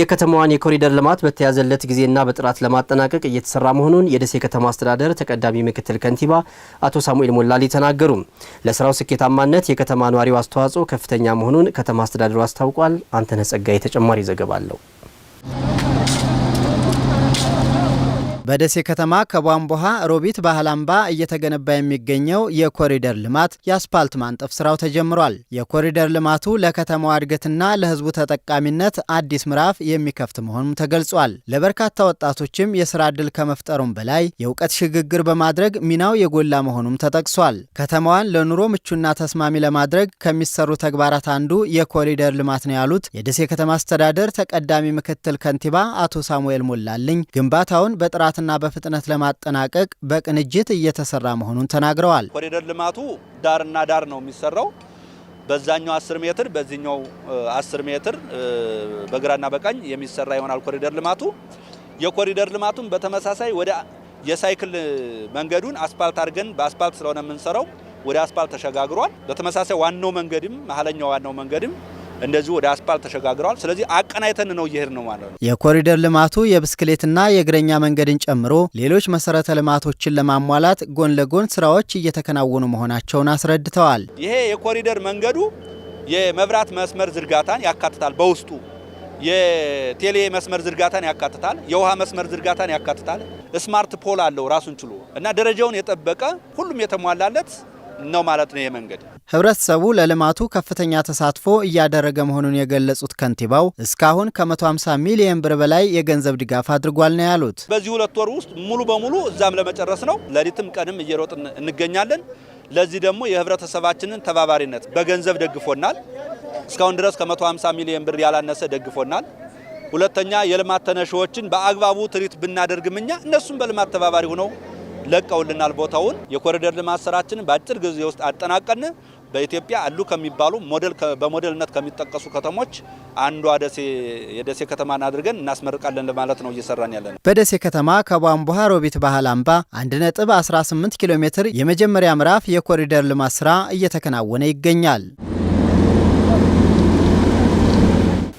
የከተማዋን የኮሪደር ልማት በተያዘለት ጊዜና በጥራት ለማጠናቀቅ እየተሰራ መሆኑን የደሴ ከተማ አስተዳደር ተቀዳሚ ምክትል ከንቲባ አቶ ሳሙኤል ሞላሌ ተናገሩ። ለስራው ስኬታማነት የከተማ ነዋሪው አስተዋጽኦ ከፍተኛ መሆኑን ከተማ አስተዳደሩ አስታውቋል። አንተነህ ጸጋዬ ተጨማሪ ዘገባ አለው። በደሴ ከተማ ከቧንቧሃ ሮቢት ባህል አምባ እየተገነባ የሚገኘው የኮሪደር ልማት የአስፓልት ማንጠፍ ስራው ተጀምሯል። የኮሪደር ልማቱ ለከተማዋ እድገትና ለሕዝቡ ተጠቃሚነት አዲስ ምዕራፍ የሚከፍት መሆኑም ተገልጿል። ለበርካታ ወጣቶችም የስራ ዕድል ከመፍጠሩም በላይ የእውቀት ሽግግር በማድረግ ሚናው የጎላ መሆኑም ተጠቅሷል። ከተማዋን ለኑሮ ምቹና ተስማሚ ለማድረግ ከሚሰሩ ተግባራት አንዱ የኮሪደር ልማት ነው ያሉት የደሴ ከተማ አስተዳደር ተቀዳሚ ምክትል ከንቲባ አቶ ሳሙኤል ሞላልኝ ግንባታውን በጥራት በጥራትና በፍጥነት ለማጠናቀቅ በቅንጅት እየተሰራ መሆኑን ተናግረዋል። ኮሪደር ልማቱ ዳርና ዳር ነው የሚሰራው። በዛኛው 10 ሜትር በዚህኛው 10 ሜትር በግራና በቀኝ የሚሰራ ይሆናል ኮሪደር ልማቱ። የኮሪደር ልማቱን በተመሳሳይ ወደ የሳይክል መንገዱን አስፓልት አድርገን በአስፓልት ስለሆነ የምንሰራው ወደ አስፓልት ተሸጋግሯል። በተመሳሳይ ዋናው መንገድም መሀለኛው ዋናው መንገድም እንደዚሁ ወደ አስፓልት ተሸጋግረዋል። ስለዚህ አቀናይተን ነው እየሄድ ነው ማለት ነው። የኮሪደር ልማቱ የብስክሌትና የእግረኛ መንገድን ጨምሮ ሌሎች መሰረተ ልማቶችን ለማሟላት ጎን ለጎን ስራዎች እየተከናወኑ መሆናቸውን አስረድተዋል። ይሄ የኮሪደር መንገዱ የመብራት መስመር ዝርጋታን ያካትታል በውስጡ የቴሌ መስመር ዝርጋታን ያካትታል። የውሃ መስመር ዝርጋታን ያካትታል። ስማርት ፖል አለው ራሱን ችሎ እና ደረጃውን የጠበቀ ሁሉም የተሟላለት ነው ማለት ነው። ይህ መንገድ ህብረተሰቡ ለልማቱ ከፍተኛ ተሳትፎ እያደረገ መሆኑን የገለጹት ከንቲባው እስካሁን ከ150 ሚሊየን ብር በላይ የገንዘብ ድጋፍ አድርጓል ነው ያሉት። በዚህ ሁለት ወር ውስጥ ሙሉ በሙሉ እዛም ለመጨረስ ነው። ሌሊትም ቀንም እየሮጥን እንገኛለን። ለዚህ ደግሞ የህብረተሰባችንን ተባባሪነት በገንዘብ ደግፎናል። እስካሁን ድረስ ከ150 ሚሊየን ብር ያላነሰ ደግፎናል። ሁለተኛ የልማት ተነሺዎችን በአግባቡ ትሪት ብናደርግም እኛ እነሱም በልማት ተባባሪ ሆነው ለቀውልናል ቦታውን። የኮሪደር ልማት ስራችንን በአጭር ጊዜ ውስጥ አጠናቀን በኢትዮጵያ አሉ ከሚባሉ ሞዴል በሞዴልነት ከሚጠቀሱ ከተሞች አንዷ ደሴ የደሴ ከተማን አድርገን እናስመርቃለን ለማለት ነው እየሰራን ያለ ነው። በደሴ ከተማ ከቧንቧ ሮቢት ባህል አምባ 1.18 ኪሎ ሜትር የመጀመሪያ ምዕራፍ የኮሪደር ልማት ስራ እየተከናወነ ይገኛል።